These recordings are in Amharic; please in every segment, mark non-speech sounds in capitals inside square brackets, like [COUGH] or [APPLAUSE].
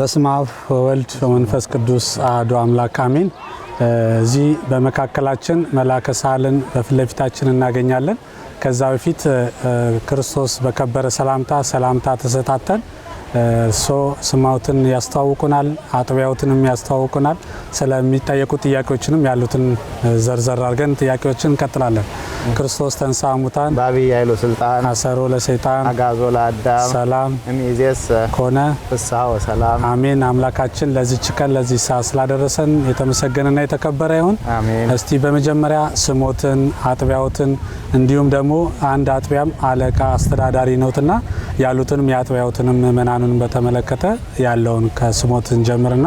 በስመ አብ ወወልድ ወመንፈስ ቅዱስ አሐዱ አምላክ አሜን። እዚህ በመካከላችን መላከ ሳህልን በፊት ለፊታችን እናገኛለን። ከዛ በፊት ክርስቶስ በከበረ ሰላምታ ሰላምታ ተሰጣተን እሶ ስማውትን ያስተዋውቁናል፣ አጥቢያውትንም ያስተዋውቁናል። ስለሚጠየቁ ጥያቄዎችንም ያሉትን ዘርዘር አድርገን ጥያቄዎችን እንቀጥላለን። ክርስቶስ ተንሳ ሙታን በዐቢይ ኃይሉ ስልጣን አሰሮ ለሰይጣን አጋዞ ለአዳም ሰላም እምይእዜሰ ኮነ ፍስሐ ወሰላም አሜን። አምላካችን ለዚች ቀን ለዚህ ሰዓት ስላደረሰን የተመሰገነና የተከበረ ይሁን። እስቲ በመጀመሪያ ስሞትን፣ አጥቢያውትን እንዲሁም ደግሞ አንድ አጥቢያም አለቃ አስተዳዳሪ ነውትና ያሉትንም የአጥቢያውትንም መና ቅዱሳንን በተመለከተ ያለውን ከስሞት እንጀምርና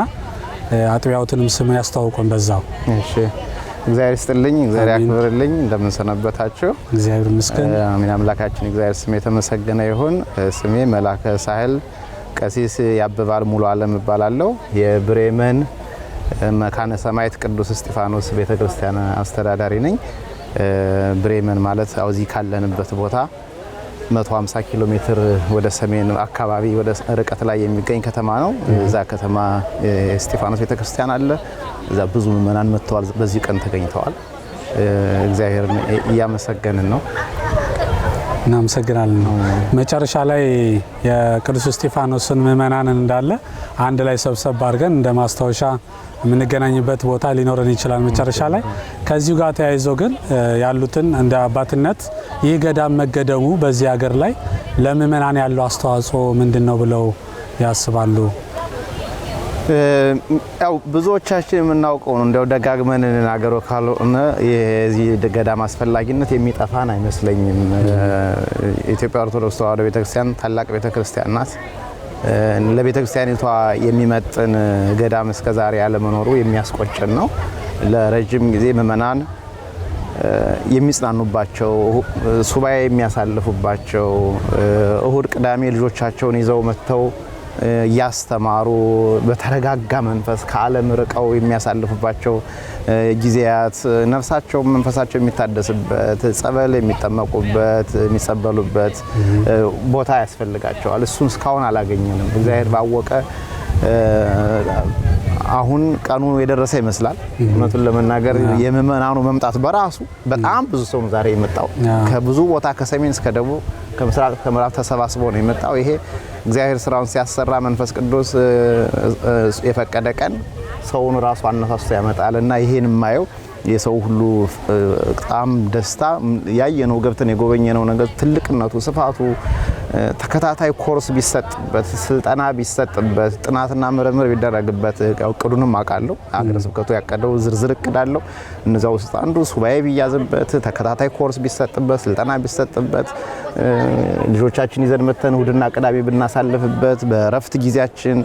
አጥቢያውትንም ስም ያስተዋውቁን በዛው። እሺ እግዚአብሔር ይስጥልኝ፣ እግዚአብሔር ያክብርልኝ። እንደምንሰነበታችሁ እግዚአብሔር ይመስገን። አሜን። አምላካችን እግዚአብሔር ስም የተመሰገነ ይሁን። ስሜ መላከ ሳህል ቀሲስ ያበባል ሙሉ አለም እባላለሁ። የብሬመን መካነ ሰማዕት ቅዱስ እስጢፋኖስ ቤተክርስቲያን አስተዳዳሪ ነኝ። ብሬመን ማለት አውዚ ካለንበት ቦታ 150 ኪሎ ሜትር ወደ ሰሜን አካባቢ ወደ ርቀት ላይ የሚገኝ ከተማ ነው። እዛ ከተማ ስቴፋኖስ ቤተክርስቲያን አለ። እዛ ብዙ ምእመናን መጥተዋል፣ በዚህ ቀን ተገኝተዋል። እግዚአብሔርን እያመሰገንን ነው። እናመሰግናለን። መጨረሻ ላይ የቅዱስ እስጢፋኖስን ምዕመናንን እንዳለ አንድ ላይ ሰብሰብ አድርገን እንደ ማስታወሻ የምንገናኝበት ቦታ ሊኖረን ይችላል መጨረሻ ላይ። ከዚሁ ጋር ተያይዞ ግን ያሉትን እንደ አባትነት ይህ ገዳም መገደሙ በዚህ ሀገር ላይ ለምእመናን ያለው አስተዋጽኦ ምንድን ነው ብለው ያስባሉ? ያው ብዙዎቻችን የምናውቀው ነው። እንደው ደጋግመን እንናገረው ካልሆነ የዚህ ገዳም አስፈላጊነት የሚጠፋን አይመስለኝም። ኢትዮጵያ ኦርቶዶክስ ተዋሕዶ ቤተክርስቲያን ታላቅ ቤተክርስቲያን ናት። ለቤተ ክርስቲያኒቷ የሚመጥን ገዳም እስከ ዛሬ ያለመኖሩ የሚያስቆጭን ነው። ለረጅም ጊዜ ምእመናን የሚጽናኑባቸው፣ ሱባኤ የሚያሳልፉባቸው፣ እሁድ ቅዳሜ ልጆቻቸውን ይዘው መጥተው እያስተማሩ በተረጋጋ መንፈስ ከዓለም ርቀው የሚያሳልፉባቸው ጊዜያት ነፍሳቸው መንፈሳቸው የሚታደስበት ጸበል የሚጠመቁበት የሚጸበሉበት ቦታ ያስፈልጋቸዋል። እሱን እስካሁን አላገኘንም። እግዚአብሔር ባወቀ አሁን ቀኑ የደረሰ ይመስላል። እውነቱን ለመናገር የምእመናኑ መምጣት በራሱ በጣም ብዙ ሰው ዛሬ የመጣው ከብዙ ቦታ ከሰሜን እስከ ደቡብ ከምስራቅ ተሰባስቦ ነው የመጣው ይሄ እግዚአብሔር ስራውን ሲያሰራ መንፈስ ቅዱስ የፈቀደ ቀን ሰውን ራሱ አነሳስቶ ያመጣል እና ይሄን የማየው የሰው ሁሉ ጣም ደስታ ያየነው ገብተን የጎበኘነው ነገር ትልቅነቱ ስፋቱ ተከታታይ ኮርስ ቢሰጥበት፣ ስልጠና ቢሰጥበት፣ ጥናትና ምርምር ቢደረግበት እቅዱንም አውቃለሁ። አገረ ስብከቱ ያቀደው ዝርዝር እቅድ አለው። እነዚያ ውስጥ አንዱ ሱባኤ ቢያዝበት፣ ተከታታይ ኮርስ ቢሰጥበት፣ ስልጠና ቢሰጥበት፣ ልጆቻችን ይዘን መተን እሁድና ቅዳሜ ብናሳልፍበት፣ በእረፍት ጊዜያችን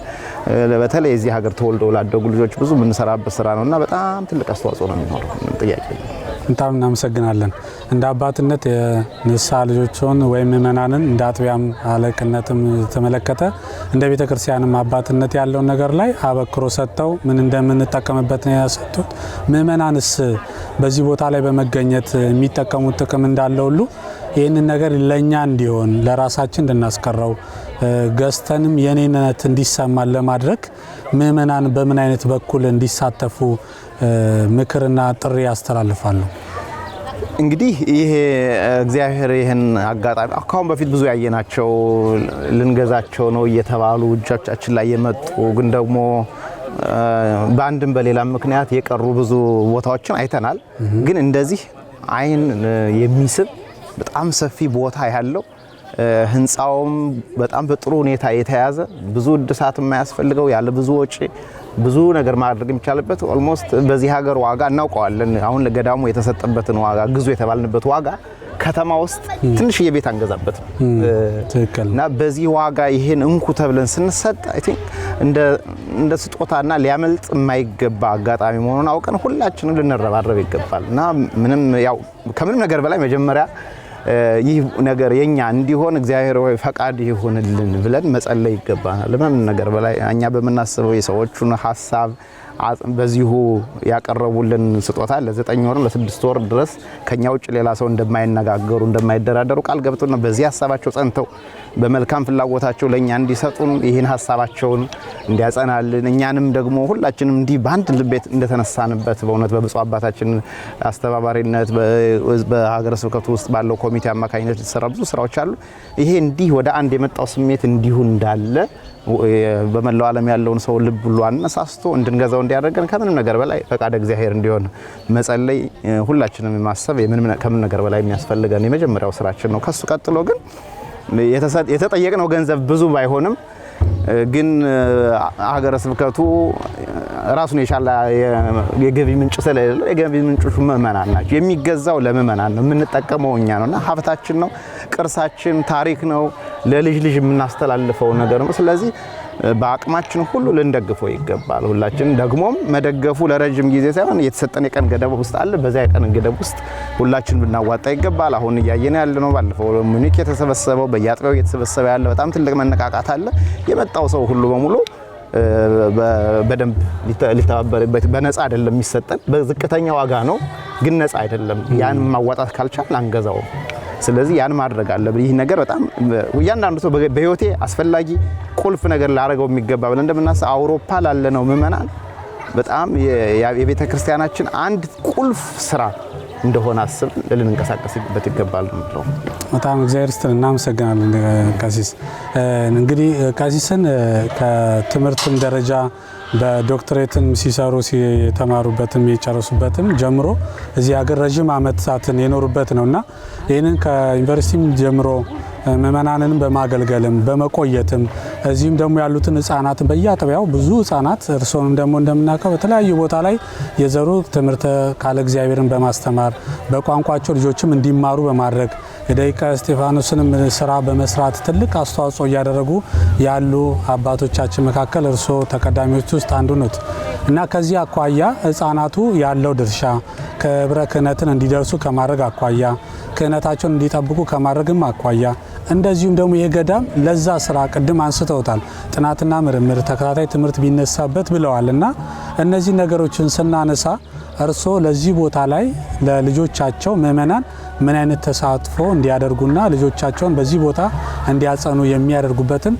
በተለይ እዚህ ሀገር ተወልደው ላደጉ ልጆች ብዙ የምንሰራበት ስራ ነው እና በጣም ትልቅ አስተዋጽኦ ነው የሚኖረው ጥያቄ በጣም እናመሰግናለን። እንደ አባትነት የንስሐ ልጆችን ወይም ምእመናንን እንደ አጥቢያም አለቅነትም ተመለከተ እንደ ቤተ ክርስቲያንም አባትነት ያለውን ነገር ላይ አበክሮ ሰጥተው ምን እንደምንጠቀምበት ነው ያሰጡት። ምእመናንስ በዚህ ቦታ ላይ በመገኘት የሚጠቀሙት ጥቅም እንዳለ ሁሉ ይህንን ነገር ለእኛ እንዲሆን ለራሳችን እንድናስቀረው ገዝተንም የኔነት እንዲሰማን ለማድረግ ምእመናን በምን አይነት በኩል እንዲሳተፉ ምክርና ጥሪ ያስተላልፋሉ። እንግዲህ ይሄ እግዚአብሔር ይህን አጋጣሚ ካሁን በፊት ብዙ ያየናቸው ልንገዛቸው ነው እየተባሉ እጃችን ላይ የመጡ ግን ደግሞ በአንድም በሌላም ምክንያት የቀሩ ብዙ ቦታዎችን አይተናል። ግን እንደዚህ አይን የሚስብ በጣም ሰፊ ቦታ ያለው ህንፃውም በጣም በጥሩ ሁኔታ የተያዘ ብዙ እድሳት የማያስፈልገው ያለ ብዙ ወጪ ብዙ ነገር ማድረግ የሚቻልበት ኦልሞስት በዚህ ሀገር ዋጋ እናውቀዋለን። አሁን ለገዳሙ የተሰጠበትን ዋጋ ግዙ የተባልንበት ዋጋ ከተማ ውስጥ ትንሽ ቤት አንገዛበት እና በዚህ ዋጋ ይሄን እንኩ ተብለን ስንሰጥ አይ ቲንክ እንደ ስጦታና ሊያመልጥ የማይገባ አጋጣሚ መሆኑን አውቀን ሁላችንም ልንረባረብ ይገባል እና ምንም ያው ከምንም ነገር በላይ መጀመሪያ ይህ ነገር የኛ እንዲሆን እግዚአብሔር ሆይ ፈቃድ ይሁንልን ብለን መጸለይ ይገባናል። ምንም ነገር በላይ እኛ በምናስበው የሰዎቹን ሀሳብ በዚሁ ያቀረቡልን ስጦታ ለዘጠኝ ወር ለስድስት ወር ድረስ ከኛ ውጭ ሌላ ሰው እንደማይነጋገሩ እንደማይደራደሩ ቃል ገብቶና በዚህ ሀሳባቸው ጸንተው በመልካም ፍላጎታቸው ለእኛ እንዲሰጡን ይህን ሀሳባቸውን እንዲያጸናልን እኛንም ደግሞ ሁላችንም እንዲህ በአንድ ልቤት እንደተነሳንበት በእውነት በብፁዕ አባታችን አስተባባሪነት በሀገረ ስብከቱ ውስጥ ባለው ኮሚቴ አማካኝነት የተሰራ ብዙ ስራዎች አሉ። ይሄ እንዲህ ወደ አንድ የመጣው ስሜት እንዲሁ እንዳለ በመላው ዓለም ያለውን ሰው ልብ ሁሉ አነሳስቶ እንድንገዛው እንዲያደርገን ከምንም ነገር በላይ ፈቃደ እግዚአብሔር እንዲሆን መጸለይ፣ ሁላችንም ማሰብ ከምንም ነገር በላይ የሚያስፈልገን የመጀመሪያው ስራችን ነው። ከሱ ቀጥሎ ግን የተጠየቅነው ገንዘብ ብዙ ባይሆንም ግን ሀገረ ስብከቱ ራሱን የቻለ የገቢ ምንጭ ስለሌለው የገቢ ምንጮቹ ምእመናን ናቸው። የሚገዛው ለምእመናን ነው። የምንጠቀመው እኛ ነው እና ሀብታችን ነው፣ ቅርሳችን፣ ታሪክ ነው፣ ለልጅ ልጅ የምናስተላልፈው ነገር ነው። ስለዚህ በአቅማችን ሁሉ ልንደግፈው ይገባል። ሁላችን ደግሞም መደገፉ ለረጅም ጊዜ ሳይሆን የተሰጠን የቀን ገደብ ውስጥ አለ። በዚያ የቀን ገደብ ውስጥ ሁላችን ብናዋጣ ይገባል። አሁን እያየን ያለ ነው። ባለፈው ሙኒክ የተሰበሰበው በየአጥቢያው እየተሰበሰበ ያለ በጣም ትልቅ መነቃቃት አለ። የመጣው ሰው ሁሉ በሙሉ በደንብ ሊተባበርበት በነፃ አይደለም የሚሰጠን፣ በዝቅተኛ ዋጋ ነው ግን ነፃ አይደለም። ያን ማዋጣት ካልቻል አንገዛውም። ስለዚህ ያን ማድረግ አለብን። ይህ ነገር በጣም እያንዳንዱ ሰው በህይወቴ አስፈላጊ ቁልፍ ነገር ላደረገው የሚገባ ብለን እንደምናስብ አውሮፓ ላለነው ምእመናን በጣም የቤተ ክርስቲያናችን አንድ ቁልፍ ስራ እንደሆነ አስብ ልንንቀሳቀስበት ይገባል ነው። በጣም እግዚአብሔር ይስጥልን፣ እናመሰግናለን ቀሲስ። እንግዲህ ቀሲስን ከትምህርትም ደረጃ በዶክትሬትም ሲሰሩ የተማሩበትም የጨረሱበትም ጀምሮ እዚህ ሀገር ረዥም ዓመታትን የኖሩበት ነው እና ይህንን ከዩኒቨርሲቲም ጀምሮ ምእመናንንም በማገልገልም በመቆየትም እዚህም ደግሞ ያሉትን ህጻናትን በየአጥቢያው ብዙ ህጻናት እርስዎም ደግሞ እንደምናውቀው በተለያዩ ቦታ ላይ የዘሩ ትምህርተ ቃለ እግዚአብሔርን በማስተማር በቋንቋቸው ልጆችም እንዲማሩ በማድረግ የደቂቀ እስጢፋኖስንም ስራ በመስራት ትልቅ አስተዋጽኦ እያደረጉ ያሉ አባቶቻችን መካከል እርስዎ ተቀዳሚዎች ውስጥ አንዱ ነት እና ከዚህ አኳያ ህጻናቱ ያለው ድርሻ ከህብረ ክህነትን እንዲደርሱ ከማድረግ አኳያ ክህነታቸውን እንዲጠብቁ ከማድረግም አኳያ እንደዚሁም ደግሞ ይህ ገዳም ለዛ ስራ ቅድም አንስተውታል፣ ጥናትና ምርምር ተከታታይ ትምህርት ቢነሳበት ብለዋል እና እነዚህ ነገሮችን ስናነሳ እርስዎ ለዚህ ቦታ ላይ ለልጆቻቸው ምእመናን ምን አይነት ተሳትፎ እንዲያደርጉና ልጆቻቸውን በዚህ ቦታ እንዲያጸኑ የሚያደርጉበትን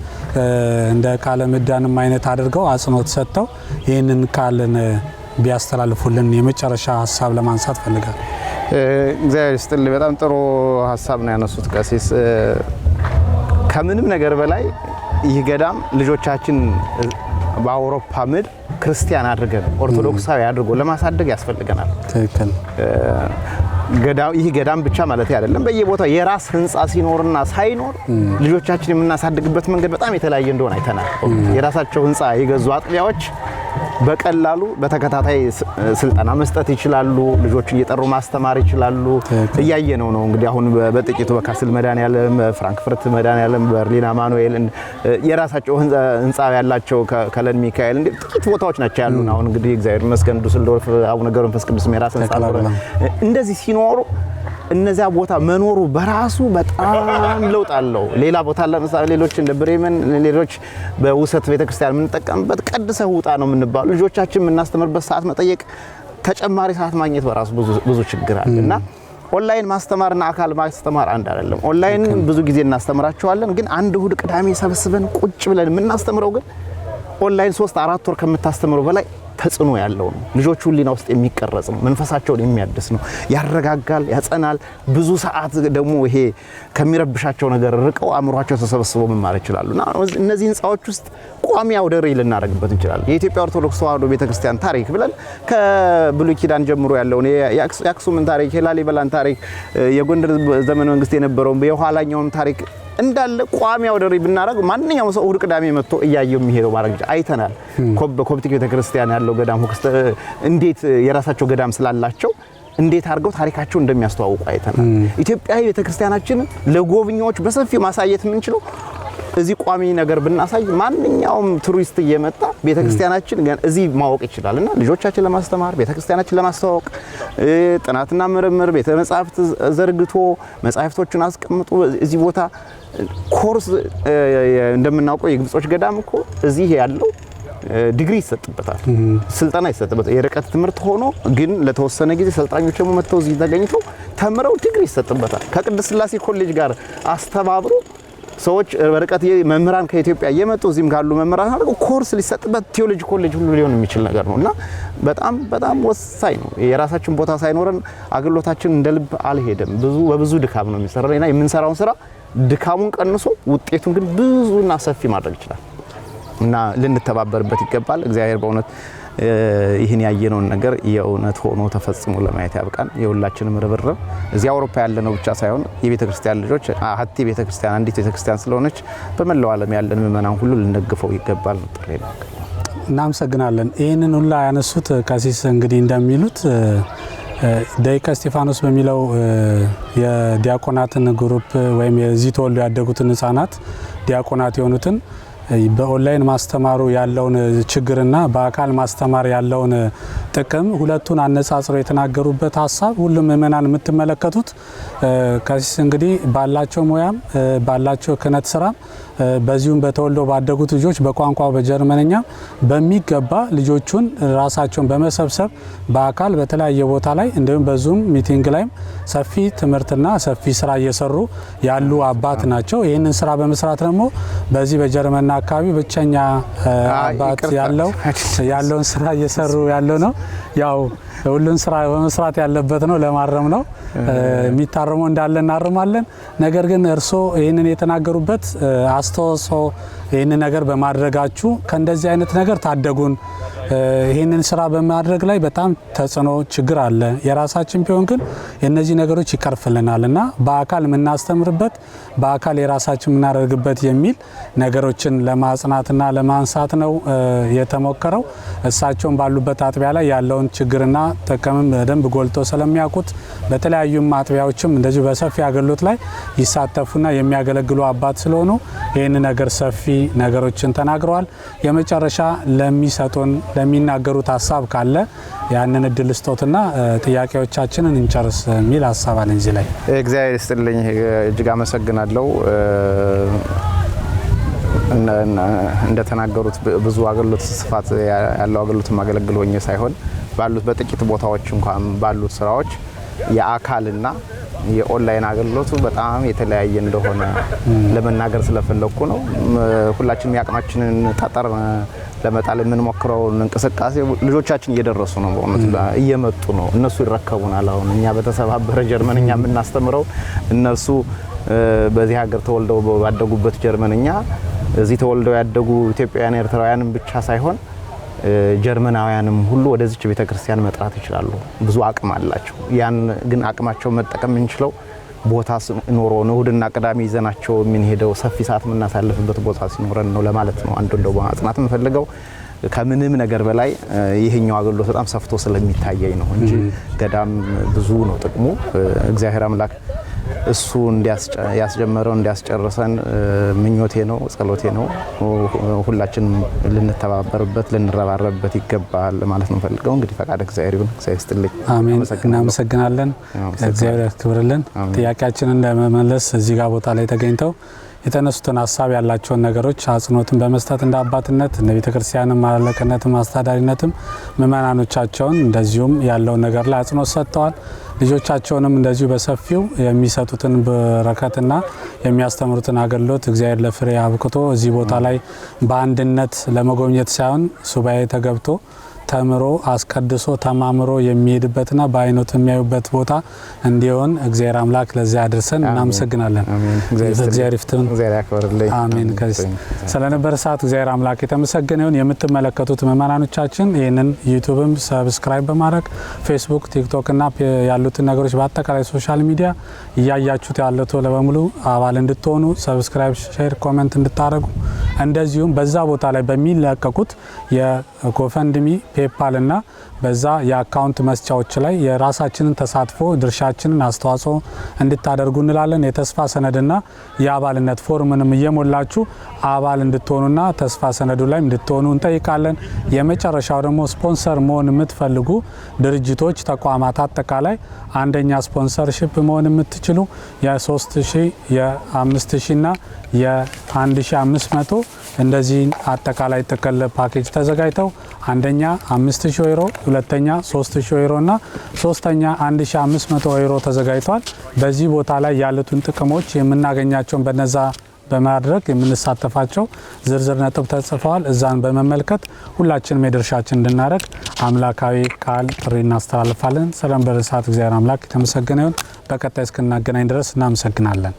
እንደ ቃለ ምዕዳንም አይነት አድርገው አጽንኦት ሰጥተው ይህንን ቃልን ቢያስተላልፉልን የመጨረሻ ሀሳብ ለማንሳት ፈልጋል። እግዚአብሔር ስጥል በጣም ጥሩ ሀሳብ ነው ያነሱት ቀሲስ። ከምንም ነገር በላይ ይህ ገዳም ልጆቻችን በአውሮፓ ምድር ክርስቲያን አድርገን ኦርቶዶክሳዊ አድርጎ ለማሳደግ ያስፈልገናል። ይህ ገዳም ብቻ ማለት አይደለም። በየቦታው የራስ ህንፃ ሲኖርና ሳይኖር ልጆቻችን የምናሳድግበት መንገድ በጣም የተለያየ እንደሆነ አይተናል። የራሳቸው ህንፃ የገዙ አጥቢያዎች በቀላሉ በተከታታይ ስልጠና መስጠት ይችላሉ። ልጆች እየጠሩ ማስተማር ይችላሉ። እያየ ነው ነው እንግዲህ አሁን በጥቂቱ በካስል በፍራንክፍርት መዳን ያለም በርሊን አማኑኤል የራሳቸው ህንፃ ያላቸው ከለን ሚካኤል እንደ ጥቂት ቦታዎች ናቸው ያሉ አሁን እንግዲህ እግዚአብሔር ይመስገን ዱስልዶርፍ አቡነ ገብረ መንፈስ ቅዱስ የራስ ህንፃ እንደዚህ ሲኖሩ እነዚያ ቦታ መኖሩ በራሱ በጣም ለውጥ አለው። ሌላ ቦታ ለምሳሌ ሌሎች እንደ ብሬመን፣ ሌሎች በውሰት ቤተክርስቲያን የምንጠቀምበት ቀድሰ ውጣ ነው የምንባሉ። ልጆቻችን የምናስተምርበት ሰዓት መጠየቅ፣ ተጨማሪ ሰዓት ማግኘት በራሱ ብዙ ችግር አለ እና ኦንላይን ማስተማርና አካል ማስተማር አንድ አይደለም። ኦንላይን ብዙ ጊዜ እናስተምራቸዋለን፣ ግን አንድ እሁድ ቅዳሜ ሰብስበን ቁጭ ብለን የምናስተምረው ግን ኦንላይን ሶስት አራት ወር ከምታስተምረው በላይ ተጽዕኖ ያለው ነው። ልጆቹ ሕሊና ውስጥ የሚቀረጽ ነው። መንፈሳቸውን የሚያድስ ነው። ያረጋጋል፣ ያጸናል። ብዙ ሰዓት ደግሞ ይሄ ከሚረብሻቸው ነገር ርቀው አእምሯቸው ተሰብስበው መማር ይችላሉ። እና እነዚህ ህንፃዎች ውስጥ ቋሚ አውደ ርዕይ ልናደርግበት እንችላለን። የኢትዮጵያ ኦርቶዶክስ ተዋህዶ ቤተክርስቲያን ታሪክ ብለን ከብሉይ ኪዳን ጀምሮ ያለውን የአክሱምን ታሪክ፣ የላሊበላን ታሪክ፣ የጎንደር ዘመነ መንግስት የነበረውን የኋላኛውን ታሪክ እንዳለ ቋሚ ደሪ ብናረግ ማንኛውም ሰው እሁድ ቅዳሜ መጥቶ እያየው የሚሄደው ማድረግ አይተናል። በኮፕቲክ ቤተክርስቲያን ያለው ገዳም እንዴት የራሳቸው ገዳም ስላላቸው እንዴት አድርገው ታሪካቸው እንደሚያስተዋውቁ አይተናል። ኢትዮጵያዊ ቤተክርስቲያናችን ለጎብኚዎች በሰፊው ማሳየት የምንችለው እዚህ ቋሚ ነገር ብናሳይ ማንኛውም ቱሪስት እየመጣ ቤተክርስቲያናችን እዚህ ማወቅ ይችላል እና ልጆቻችን ለማስተማር ቤተክርስቲያናችን ለማስተዋወቅ ጥናትና ምርምር ቤተ መጻሕፍት ዘርግቶ መጻሕፍቶችን አስቀምጦ እዚህ ቦታ ኮርስ እንደምናውቀው የግብጾች ገዳም እኮ እዚህ ያለው ዲግሪ ይሰጥበታል፣ ስልጠና ይሰጥበታል። የርቀት ትምህርት ሆኖ ግን ለተወሰነ ጊዜ ሰልጣኞች ደግሞ መጥተው እዚህ ተገኝተው ተምረው ዲግሪ ይሰጥበታል። ከቅድስት ስላሴ ኮሌጅ ጋር አስተባብሮ ሰዎች በርቀት መምህራን ከኢትዮጵያ እየመጡ እዚህም ካሉ መምህራን አድርገው ኮርስ ሊሰጥበት ቴዎሎጂ ኮሌጅ ሁሉ ሊሆን የሚችል ነገር ነው እና በጣም በጣም ወሳኝ ነው። የራሳችን ቦታ ሳይኖረን አገልግሎታችን እንደ ልብ አልሄደም። ብዙ በብዙ ድካም ነው የሚሰራ እና የምንሰራውን ስራ ድካሙን ቀንሶ ውጤቱን ግን ብዙና ሰፊ ማድረግ ይችላል እና ልንተባበርበት ይገባል። እግዚአብሔር በእውነት ይህን ያየነውን ነገር የእውነት ሆኖ ተፈጽሞ ለማየት ያብቃን። የሁላችንም ርብርብ እዚህ አውሮፓ ያለነው ብቻ ሳይሆን የቤተ ክርስቲያን ልጆች ሀቲ ቤተ ክርስቲያን አንዲት ቤተ ክርስቲያን ስለሆነች በመላው ዓለም ያለን ምእመናን ሁሉ ልንደግፈው ይገባል ነበር። እናመሰግናለን። ይህንን ሁላ ያነሱት ከሲስ እንግዲህ እንደሚሉት ደቂቀ እስጢፋኖስ በሚለው የዲያቆናትን ግሩፕ ወይም የዚህ ተወልዶ ያደጉትን ህጻናት ዲያቆናት የሆኑትን በኦንላይን ማስተማሩ ያለውን ችግርና በአካል ማስተማር ያለውን ጥቅም ሁለቱን አነጻጽረው የተናገሩበት ሀሳብ ሁሉም ምእመናን የምትመለከቱት ከሲስ እንግዲህ ባላቸው ሙያም ባላቸው ክህነት ስራም በዚሁም በተወልዶ ባደጉት ልጆች በቋንቋ በጀርመንኛ በሚገባ ልጆቹን ራሳቸውን በመሰብሰብ በአካል በተለያየ ቦታ ላይ እንዲሁም በዙም ሚቲንግ ላይም ሰፊ ትምህርትና ሰፊ ስራ እየሰሩ ያሉ አባት ናቸው። ይህንን ስራ በመስራት ደግሞ በዚህ በጀርመንና አካባቢ ብቸኛ አባት ያለው [LAUGHS] ያለውን ስራ እየሰሩ ያለው ነው ያው ሁሉን ስራ በመስራት ያለበት ነው። ለማረም ነው የሚታረመው እንዳለ እናርማለን። ነገር ግን እርስዎ ይህንን የተናገሩበት አስተዋጽኦ ይህንን ነገር በማድረጋችሁ ከእንደዚህ አይነት ነገር ታደጉን። ይህንን ስራ በማድረግ ላይ በጣም ተጽዕኖ ችግር አለ። የራሳችን ቢሆን ግን የእነዚህ ነገሮች ይቀርፍልናል እና በአካል የምናስተምርበት በአካል የራሳችን የምናደርግበት የሚል ነገሮችን ለማጽናትና ለማንሳት ነው የተሞከረው። እሳቸውን ባሉበት አጥቢያ ላይ ያለውን ችግርና ጥቅምም በደንብ ጎልቶ ስለሚያውቁት በተለያዩ ማጥቢያዎችም እንደዚሁ በሰፊ አገልግሎት ላይ ይሳተፉና የሚያገለግሉ አባት ስለሆኑ ይህን ነገር ሰፊ ነገሮችን ተናግረዋል። የመጨረሻ ለሚሰጡን ለሚናገሩት ሀሳብ ካለ ያንን እድል ስጦትና ጥያቄዎቻችንን እንጨርስ የሚል ሀሳብ አለ። እዚህ ላይ እግዚአብሔር ይስጥልኝ፣ እጅግ አመሰግናለሁ። እንደተናገሩት ብዙ አገልግሎት ስፋት ያለው አገልግሎት ማገለግል ሆኜ ሳይሆን ባሉት በጥቂት ቦታዎች እንኳን ባሉት ስራዎች የአካልና የኦንላይን አገልግሎቱ በጣም የተለያየ እንደሆነ ለመናገር ስለፈለግኩ ነው። ሁላችንም የአቅማችንን ጠጠር ለመጣል የምንሞክረውን እንቅስቃሴ ልጆቻችን እየደረሱ ነው፣ በእውነት እየመጡ ነው። እነሱ ይረከቡናል። አሁን እኛ በተሰባበረ ጀርመንኛ የምናስተምረው እነሱ በዚህ ሀገር ተወልደው ባደጉበት ጀርመንኛ እዚህ ተወልደው ያደጉ ኢትዮጵያውያን ኤርትራውያንም ብቻ ሳይሆን ጀርመናውያንም ሁሉ ወደዚች ቤተክርስቲያን መጥራት ይችላሉ። ብዙ አቅም አላቸው። ያን ግን አቅማቸው መጠቀም የምንችለው ቦታ ኖሮን እሁድና ቅዳሜ ይዘናቸው የምንሄደው ሰፊ ሰዓት የምናሳልፍበት ቦታ ሲኖረን ነው ለማለት ነው። አንዱ እንደው ማጽናት የምፈልገው ከምንም ነገር በላይ ይሄኛው አገልግሎት በጣም ሰፍቶ ስለሚታየኝ ነው እንጂ ገዳም ብዙ ነው ጥቅሙ እግዚአብሔር አምላክ እሱ ያስጀመረው እንዲያስጨርሰን ምኞቴ ነው፣ ጸሎቴ ነው። ሁላችንም ልንተባበርበት ልንረባረብበት ይገባል ማለት ነው ፈልገው እንግዲህ ፈቃደ እግዚአብሔር ይሁን። እግዚአብሔር ይስጥልኝ። አሜን። እናመሰግናለን። እግዚአብሔር ያክብርልን። ጥያቄያችንን እንደመመለስ እዚህ ጋር ቦታ ላይ ተገኝተው የተነሱትን ሀሳብ ያላቸውን ነገሮች አጽንኦትን በመስጠት እንደ አባትነት እንደ ቤተ ክርስቲያንም አለቅነትም አስተዳሪነትም ምእመናኖቻቸውን እንደዚሁም ያለውን ነገር ላይ አጽንኦት ሰጥተዋል። ልጆቻቸውንም እንደዚሁ በሰፊው የሚሰጡትን በረከትና የሚያስተምሩትን አገልግሎት እግዚአብሔር ለፍሬ አብቅቶ እዚህ ቦታ ላይ በአንድነት ለመጎብኘት ሳይሆን ሱባኤ ተገብቶ ተምሮ አስቀድሶ ተማምሮ የሚሄድበትና በአይኖት የሚያዩበት ቦታ እንዲሆን እግዚአብሔር አምላክ ለዚያ አድርሰን እናመሰግናለን። እግዚአብሔር ይፍትን። አሜን። ከዚህ ስለነበረ ሰዓት እግዚአብሔር አምላክ የተመሰገነ ይሁን። የምትመለከቱት ምእመናኖቻችን ይህንን ዩቱብም ሰብስክራይብ በማድረግ ፌስቡክ፣ ቲክቶክ እና ያሉትን ነገሮች በአጠቃላይ ሶሻል ሚዲያ እያያችሁት ያለ ቶለ በሙሉ አባል እንድትሆኑ ሰብስክራይብ፣ ሼር፣ ኮሜንት እንድታደርጉ እንደዚሁም በዛ ቦታ ላይ በሚለቀቁት የጎፈንድሚ ፔፓል እና በዛ የአካውንት መስቻዎች ላይ የራሳችንን ተሳትፎ ድርሻችንን አስተዋጽኦ እንድታደርጉ እንላለን። የተስፋ ሰነድና የአባልነት ፎርምንም እየሞላችሁ አባል እንድትሆኑና ተስፋ ሰነዱ ላይ እንድትሆኑ እንጠይቃለን። የመጨረሻው ደግሞ ስፖንሰር መሆን የምትፈልጉ ድርጅቶች፣ ተቋማት አጠቃላይ አንደኛ ስፖንሰርሽፕ መሆን የምትችሉ የሚችሉ የ3000 የ5000 እና የ1500 እንደዚህ አጠቃላይ ጥቅል ፓኬጅ ተዘጋጅተው አንደኛ 5000 ዩሮ፣ ሁለተኛ 3000 ዩሮ እና ሶስተኛ 1500 ዩሮ ተዘጋጅቷል። በዚህ ቦታ ላይ ያሉትን ጥቅሞች የምናገኛቸውን በነዛ በማድረግ የምንሳተፋቸው ዝርዝር ነጥብ ተጽፈዋል። እዛን በመመልከት ሁላችንም የድርሻችን እንድናደርግ አምላካዊ ቃል ጥሪ እናስተላልፋለን። ሰላም በርሳት እግዚአብሔር አምላክ የተመሰገነ ይሁን። በቀጣይ እስክናገናኝ ድረስ እናመሰግናለን።